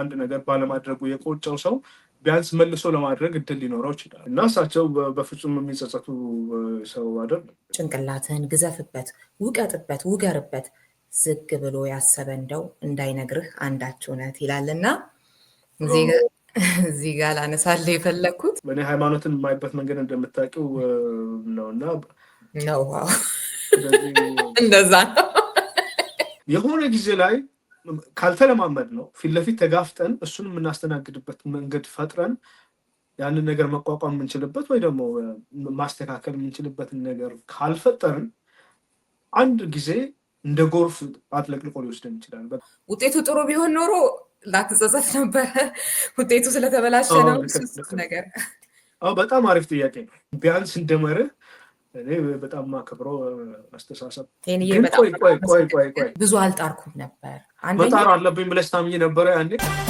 አንድ ነገር ባለማድረጉ የቆጨው ሰው ቢያንስ መልሶ ለማድረግ እድል ሊኖረው ይችላል እና እሳቸው በፍጹም የሚጸጸቱ ሰው አይደለም። ጭንቅላትህን ግዘፍበት፣ ውቀጥበት፣ ውገርበት ዝግ ብሎ ያሰበ እንደው እንዳይነግርህ አንዳች እውነት ይላልና እዚህ ጋር ላነሳለ የፈለግኩት እኔ ሃይማኖትን የማይበት መንገድ እንደምታውቂው ነው እና ነው እንደዛ ነው የሆነ ጊዜ ላይ ካልተለማመድ ነው ፊት ለፊት ተጋፍጠን እሱን የምናስተናግድበት መንገድ ፈጥረን ያንን ነገር መቋቋም የምንችልበት ወይ ደግሞ ማስተካከል የምንችልበትን ነገር ካልፈጠርን አንድ ጊዜ እንደ ጎርፍ አጥለቅልቆ ሊወስደን ይችላል። ውጤቱ ጥሩ ቢሆን ኖሮ ላትጸጸት ነበረ። ውጤቱ ስለተበላሸ ነው ነገር። በጣም አሪፍ ጥያቄ ነው። ቢያንስ እንደመርህ እኔ በጣም ማከብሮ አስተሳሰብ ቆይ ቆይ ቆይ ቆይ ብዙ አልጣርኩም ነበር መጣር አለብኝ ብለሽ ታምኚ ነበረ ያኔ